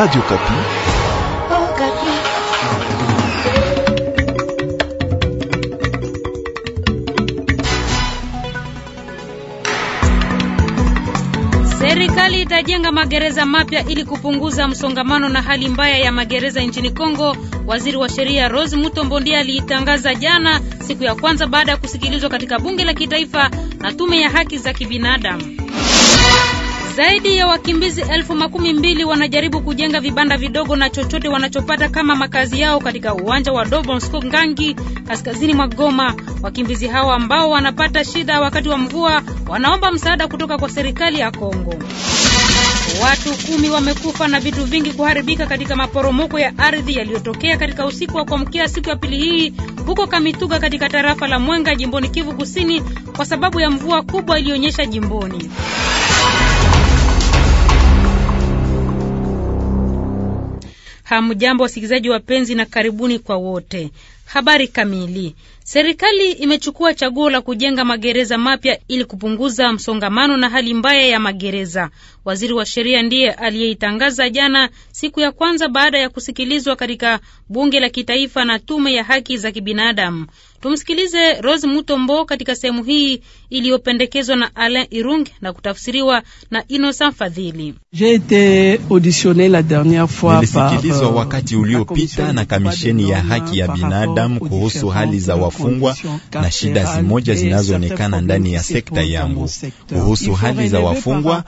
Radio Kapi. Oh, Kapi. Serikali itajenga magereza mapya ili kupunguza msongamano na hali mbaya ya magereza nchini Kongo. Waziri wa Sheria Rose Mutombo ndiye aliitangaza jana siku ya kwanza baada ya kusikilizwa katika bunge la kitaifa na tume ya haki za kibinadamu. Zaidi ya wakimbizi elfu makumi mbili wanajaribu kujenga vibanda vidogo na chochote wanachopata kama makazi yao katika uwanja wa Do Bosco Ngangi kaskazini mwa Goma. Wakimbizi hao ambao wanapata shida wakati wa mvua wanaomba msaada kutoka kwa serikali ya Kongo. Watu kumi wamekufa na vitu vingi kuharibika katika maporomoko ya ardhi yaliyotokea katika usiku wa kuamkia siku ya pili hii huko Kamituga katika tarafa la Mwenga jimboni Kivu Kusini kwa sababu ya mvua kubwa iliyonyesha jimboni. Hamjambo wasikilizaji wapenzi, na karibuni kwa wote. Habari kamili. Serikali imechukua chaguo la kujenga magereza mapya ili kupunguza msongamano na hali mbaya ya magereza. Waziri wa sheria ndiye aliyeitangaza jana, siku ya kwanza baada ya kusikilizwa katika bunge la kitaifa na tume ya haki za kibinadamu. Tumsikilize Rose Mutombo katika sehemu hii iliyopendekezwa na Alain Irung na kutafsiriwa na Innocent Fadhili. Nilisikilizwa euh, wakati uliopita na kamisheni ya haki ya binadamu euh, binadamu kuhusu hali za wafungwa na shida zimoja zinazoonekana ndani ya sekta yangu. Kuhusu hali za wafungwa,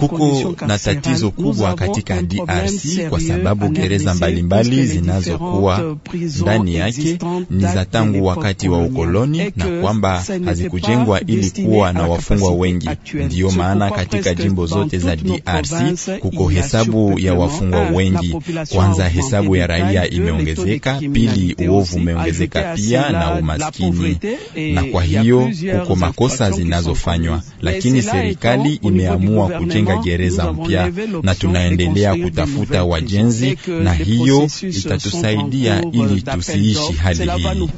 kuko na tatizo kubwa katika DRC kwa sababu gereza mbalimbali zinazokuwa ndani yake ni za tangu wakati wa ukoloni na kwamba hazikujengwa ili kuwa na wafungwa wengi. Ndiyo maana katika jimbo zote za DRC kuko hesabu ya wafungwa ah, wengi. Kwanza, hesabu ya raia imeongezeka; pili, uovu umeongezeka pia na umaskini, na kwa hiyo kuko makosa zinazofanywa, lakini serikali imeamua kujenga gereza mpya na tunaendelea kutafuta wajenzi, na hiyo itatusaidia ili tusiishi hali hii.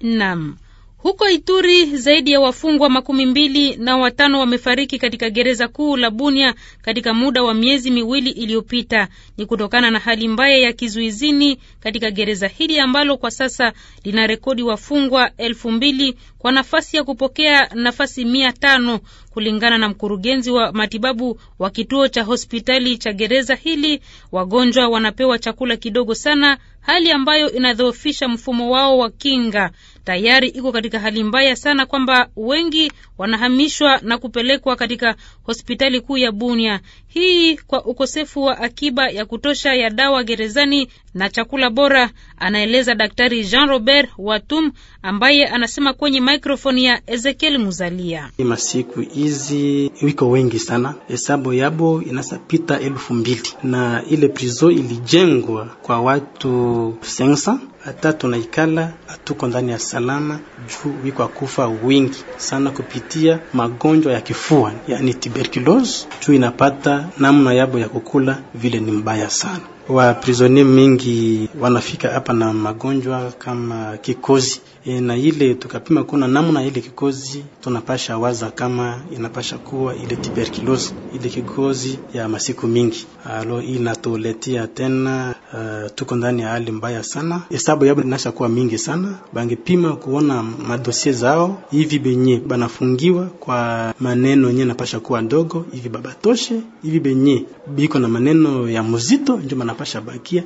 Naam. Huko Ituri zaidi ya wafungwa makumi mbili na watano wamefariki katika gereza kuu la Bunia katika muda wa miezi miwili iliyopita. Ni kutokana na hali mbaya ya kizuizini katika gereza hili ambalo kwa sasa lina rekodi wafungwa elfu mbili kwa nafasi ya kupokea nafasi mia tano kulingana na mkurugenzi wa matibabu wa kituo cha hospitali cha gereza hili. Wagonjwa wanapewa chakula kidogo sana, hali ambayo inadhoofisha mfumo wao wa kinga tayari iko katika hali mbaya sana kwamba wengi wanahamishwa na kupelekwa katika hospitali kuu ya Bunia. Hii kwa ukosefu wa akiba ya kutosha ya dawa gerezani na chakula bora, anaeleza Daktari Jean Robert Watum ambaye anasema kwenye mikrofoni ya Ezekiel Muzalia. Masiku hizi wiko wengi sana, hesabu yabo inasapita elfu mbili na ile prizo ilijengwa kwa watu sensa hata tunaikala hatuko ndani ya salama juu wiko akufa wingi sana kupitia magonjwa ya kifua, yani tuberculose, juu inapata namna yabo ya kukula vile ni mbaya sana. Waprisonnier mingi wanafika hapa na magonjwa kama kikozi e, na ile tukapima kuna namna ile kikozi tunapasha waza kama inapasha kuwa ile tuberculosis ile kikozi ya masiku mingi, alo inatuletea tena uh, tuko ndani ya hali mbaya sana, hesabu yabo inasha kuwa mingi sana, bangepima kuona madosie zao hivi benye banafungiwa kwa maneno yenye napasha kuwa ndogo hivi babatoshe hivi benye biko na maneno ya muzito ndio banapasha bakia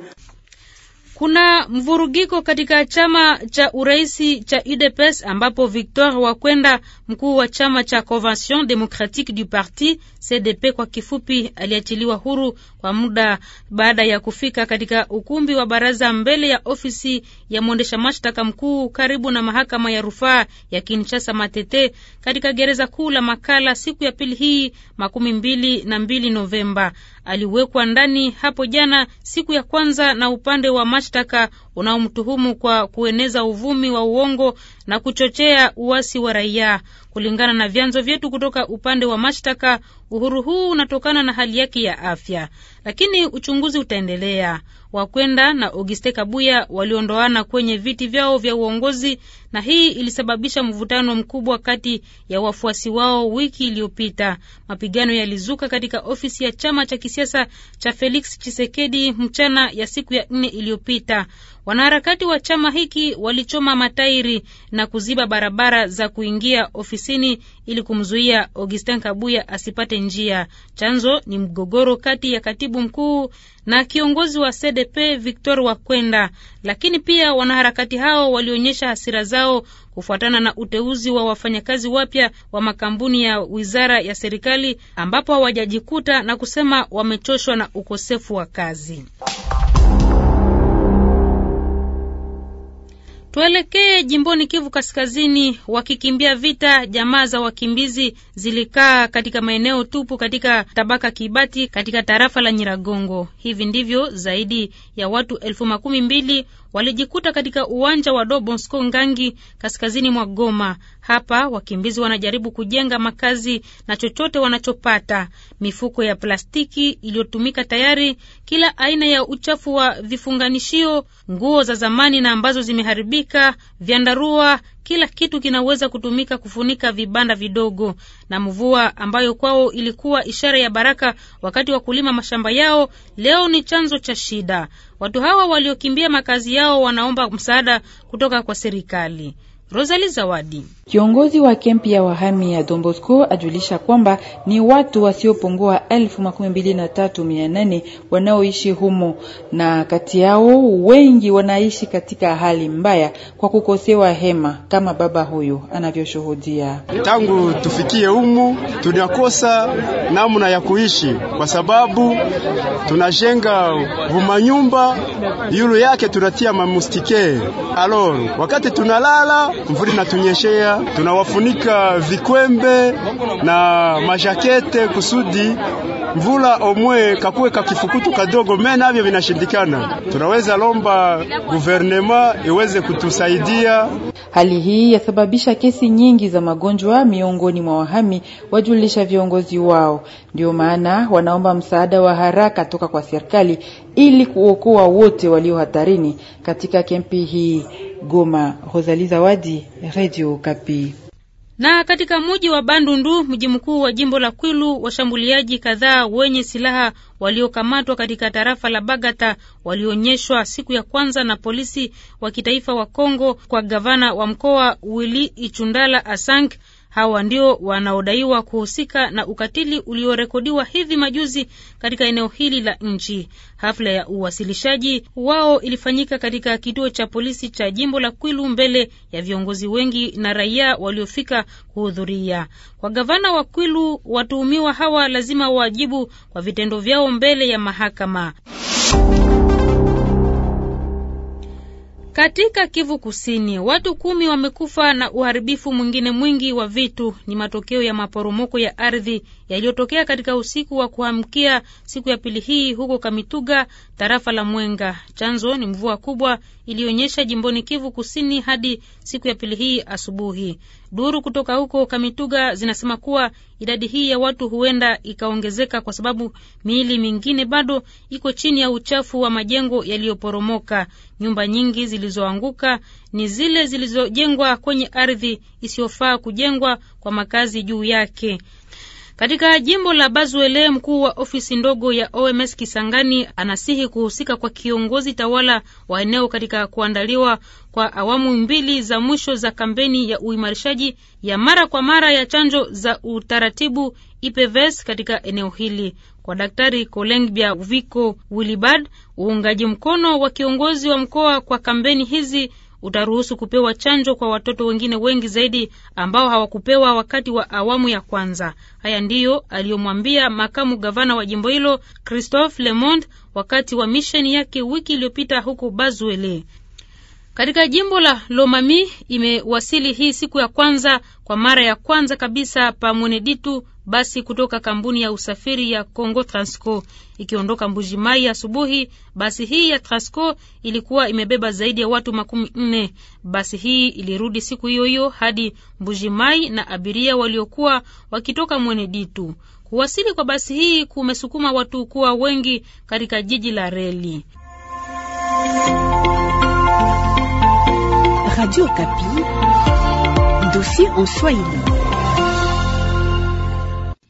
kuna mvurugiko katika chama cha uraisi cha UDPS ambapo Victor Wakwenda, mkuu wa chama cha Convention Democratique du Parti CDP kwa kifupi, aliachiliwa huru kwa muda baada ya kufika katika ukumbi wa baraza mbele ya ofisi ya mwendesha mashtaka mkuu karibu na mahakama ya rufaa ya Kinshasa Matete katika gereza kuu la Makala siku ya pili hii makumi mbili na mbili Novemba. Aliwekwa ndani hapo jana siku ya kwanza na upande wa mashtaka unaomtuhumu kwa kueneza uvumi wa uongo na kuchochea uasi wa raia. Kulingana na vyanzo vyetu kutoka upande wa mashtaka, uhuru huu unatokana na hali yake ya afya, lakini uchunguzi utaendelea. Wakwenda na Ogiste Kabuya waliondoana kwenye viti vyao vya uongozi na hii ilisababisha mvutano mkubwa kati ya wafuasi wao. Wiki iliyopita mapigano yalizuka katika ofisi ya chama cha kisiasa cha Felix chisekedi mchana ya siku ya nne iliyopita. Wanaharakati wa chama hiki walichoma matairi na kuziba barabara za kuingia ofisini ili kumzuia Augustin Kabuya asipate njia. Chanzo ni mgogoro kati ya katibu mkuu na kiongozi wa CDP Victor Wakwenda, lakini pia wanaharakati hao walionyesha hasira zao kufuatana na uteuzi wa wafanyakazi wapya wa makampuni ya wizara ya serikali ambapo hawajajikuta na kusema wamechoshwa na ukosefu wa kazi. Tuelekee jimboni Kivu Kaskazini. Wakikimbia vita, jamaa za wakimbizi zilikaa katika maeneo tupu katika tabaka Kibati katika tarafa la Nyiragongo. Hivi ndivyo zaidi ya watu elfu makumi mbili walijikuta katika uwanja wa Do Bosco Ngangi kaskazini mwa Goma. Hapa wakimbizi wanajaribu kujenga makazi na chochote wanachopata: mifuko ya plastiki iliyotumika tayari, kila aina ya uchafu wa vifunganishio, nguo za zamani na ambazo zimeharibika, vyandarua, kila kitu kinaweza kutumika kufunika vibanda vidogo. Na mvua ambayo kwao ilikuwa ishara ya baraka wakati wa kulima mashamba yao, leo ni chanzo cha shida. Watu hawa waliokimbia makazi yao wanaomba msaada kutoka kwa serikali. Rosali Zawadi, kiongozi wa kempi ya wahami ya dombosco ajulisha kwamba ni watu wasiopungua elfu makumi mbili na tatu mia nane wanaoishi humo, na kati yao wengi wanaishi katika hali mbaya kwa kukosewa hema, kama baba huyu anavyoshuhudia. Tangu tufikie humu, tunakosa namna ya kuishi kwa sababu tunajenga vumanyumba yulu yake tunatia mamustike alor, wakati tunalala mvuri natunyeshea, tunawafunika vikwembe na majakete kusudi mvula omwe kakuwe kakifukutu kadogo, me navyo vinashindikana. Tunaweza lomba guvernema iweze kutusaidia. Hali hii yasababisha kesi nyingi za magonjwa miongoni mwa wahami, wajulisha viongozi wao. Ndio maana wanaomba msaada wa haraka toka kwa serikali ili kuokoa wote walio hatarini katika kempi hii Goma. rosali Zawadi, Radio Kapi. Na katika mji wa Bandundu, mji mkuu wa jimbo la Kwilu, washambuliaji kadhaa wenye silaha waliokamatwa katika tarafa la Bagata walionyeshwa siku ya kwanza na polisi wa kitaifa wa Kongo kwa gavana wa mkoa Willy Ichundala Asank Hawa ndio wanaodaiwa kuhusika na ukatili uliorekodiwa hivi majuzi katika eneo hili la nchi. Hafla ya uwasilishaji wao ilifanyika katika kituo cha polisi cha jimbo la Kwilu mbele ya viongozi wengi na raia waliofika kuhudhuria. Kwa gavana wa Kwilu, watuhumiwa hawa lazima wajibu kwa vitendo vyao mbele ya mahakama. Katika Kivu Kusini, watu kumi wamekufa na uharibifu mwingine mwingi wa vitu ni matokeo ya maporomoko ya ardhi yaliyotokea katika usiku wa kuamkia siku ya pili hii huko Kamituga, tarafa la Mwenga. Chanzo ni mvua kubwa iliyonyesha jimboni Kivu Kusini hadi siku ya pili hii asubuhi. Duru kutoka huko Kamituga zinasema kuwa idadi hii ya watu huenda ikaongezeka kwa sababu miili mingine bado iko chini ya uchafu wa majengo yaliyoporomoka. Nyumba nyingi zilizoanguka ni zile zilizojengwa kwenye ardhi isiyofaa kujengwa kwa makazi juu yake. Katika jimbo la Bazwele, mkuu wa ofisi ndogo ya OMS Kisangani anasihi kuhusika kwa kiongozi tawala wa eneo katika kuandaliwa kwa awamu mbili za mwisho za kampeni ya uimarishaji ya mara kwa mara ya chanjo za utaratibu IPVES katika eneo hili. Kwa Daktari Kolengbia Viko willibad uungaji mkono wa kiongozi wa mkoa kwa kampeni hizi utaruhusu kupewa chanjo kwa watoto wengine wengi zaidi ambao hawakupewa wakati wa awamu ya kwanza. Haya ndiyo aliyomwambia makamu gavana wa jimbo hilo Christophe Lemond wakati wa misheni yake wiki iliyopita huko Bazuele katika jimbo la Lomami. Imewasili hii siku ya kwanza kwa mara ya kwanza kabisa pa Mweneditu basi kutoka kampuni ya usafiri ya Congo Transco ikiondoka Mbujimai asubuhi. Basi hii ya Transco ilikuwa imebeba zaidi ya watu makumi nne. Basi hii ilirudi siku hiyo hiyo hadi Mbujimai na abiria waliokuwa wakitoka Mweneditu. Kuwasili kwa basi hii kumesukuma watu kuwa wengi katika jiji la reli. Radio Kapi, en Swahili.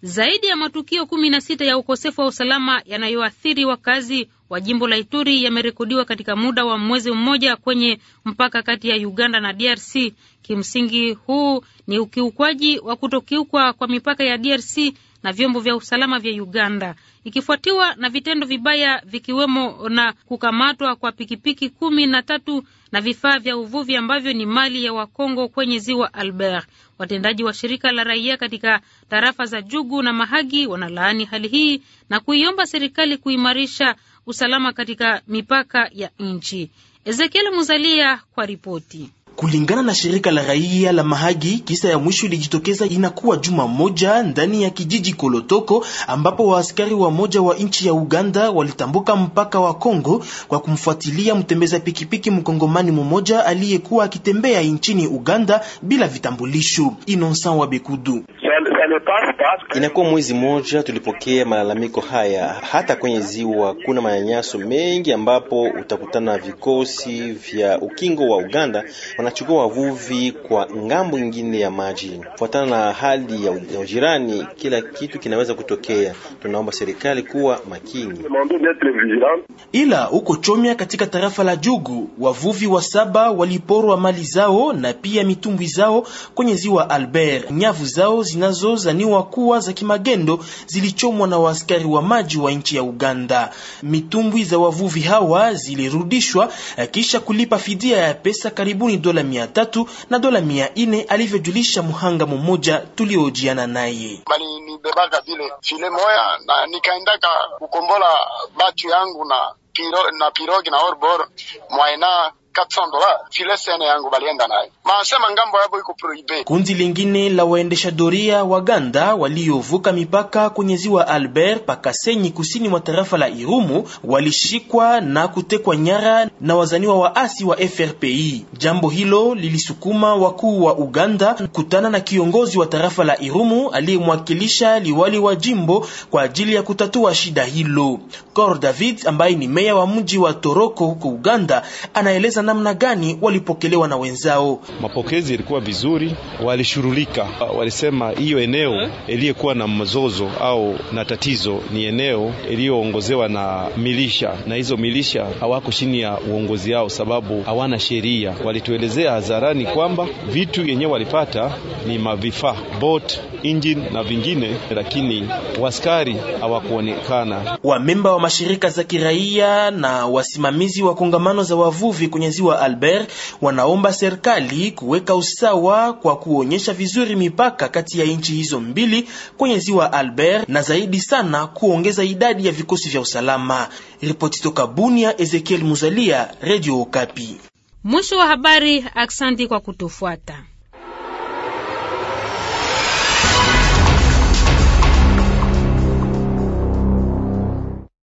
Zaidi ya matukio kumi na sita ya ukosefu wa usalama yanayoathiri wakazi wa jimbo la Ituri yamerekodiwa katika muda wa mwezi mmoja kwenye mpaka kati ya Uganda na DRC. Kimsingi, huu ni ukiukwaji wa kutokiukwa kwa mipaka ya DRC na vyombo vya usalama vya Uganda, ikifuatiwa na vitendo vibaya vikiwemo na kukamatwa kwa pikipiki kumi na tatu na vifaa vya uvuvi ambavyo ni mali ya Wakongo kwenye ziwa Albert. Watendaji wa shirika la raia katika tarafa za Jugu na Mahagi wanalaani hali hii na kuiomba serikali kuimarisha usalama katika mipaka ya nchi. Ezekiel Muzalia kwa ripoti. Kulingana na shirika la raia la Mahagi, kisa ya mwisho ilijitokeza inakuwa juma moja ndani ya kijiji Kolotoko, ambapo waaskari wa moja wa nchi ya Uganda walitambuka mpaka wa Kongo kwa kumfuatilia mtembeza pikipiki mkongomani mmoja aliyekuwa akitembea nchini Uganda bila vitambulisho. wa Wabekudu Inakuwa mwezi mmoja tulipokea malalamiko haya. Hata kwenye ziwa kuna manyanyaso mengi, ambapo utakutana vikosi vya ukingo wa Uganda wanachukua wavuvi kwa ngambo nyingine ya maji. Fuatana na hali ya ujirani, kila kitu kinaweza kutokea. Tunaomba serikali kuwa makini. Ila huko Chomia katika tarafa la Jugu, wavuvi wa saba waliporwa mali zao na pia mitumbwi zao kwenye ziwa Albert. Nyavu zao zinazo zinazozaniwa kuwa za kimagendo zilichomwa na waaskari wa maji wa nchi ya Uganda. Mitumbwi za wavuvi hawa zilirudishwa eh, kisha kulipa fidia ya pesa karibuni dola mia tatu na dola mia ine alivyojulisha mhanga mmoja tuliojiana naye. nibebaka vile file moya na nikaendaka kukombola batu yangu na piro, na pirogi na orbor mwaena 400 dola file sene yangu balienda nayo maasema ngambo yabo iko prohibe. Kundi lingine la waendesha doria Waganda waliovuka mipaka kwenye ziwa Albert pakasenyi kusini mwa tarafa la Irumu walishikwa na kutekwa nyara na wazaniwa waasi wa FRPI. Jambo hilo lilisukuma wakuu wa Uganda kutana na kiongozi wa tarafa la Irumu aliyemwakilisha liwali wa jimbo kwa ajili ya kutatua shida hilo. Cor David ambaye ni meya wa mji wa Toroko huko Uganda anaeleza hasa namna gani walipokelewa na wenzao. Mapokezi yalikuwa vizuri, walishurulika, walisema hiyo eneo eh? iliyokuwa na mzozo au na tatizo ni eneo iliyoongozewa na milisha, na hizo milisha hawako chini ya uongozi yao sababu hawana sheria. Walituelezea hadharani kwamba vitu yenyewe walipata ni mavifaa, boat engine na vingine, lakini waskari hawakuonekana. Wamemba wa mashirika za kiraia na wasimamizi wa kongamano za wavuvi kwenye wa Albert wanaomba serikali kuweka usawa kwa kuonyesha vizuri mipaka kati ya nchi hizo mbili kwenye Ziwa Albert na zaidi sana kuongeza idadi ya vikosi vya usalama. Ripoti toka Bunia, Ezekiel Muzalia, Radio Okapi. Mwisho wa habari. Aksanti kwa kutufuata.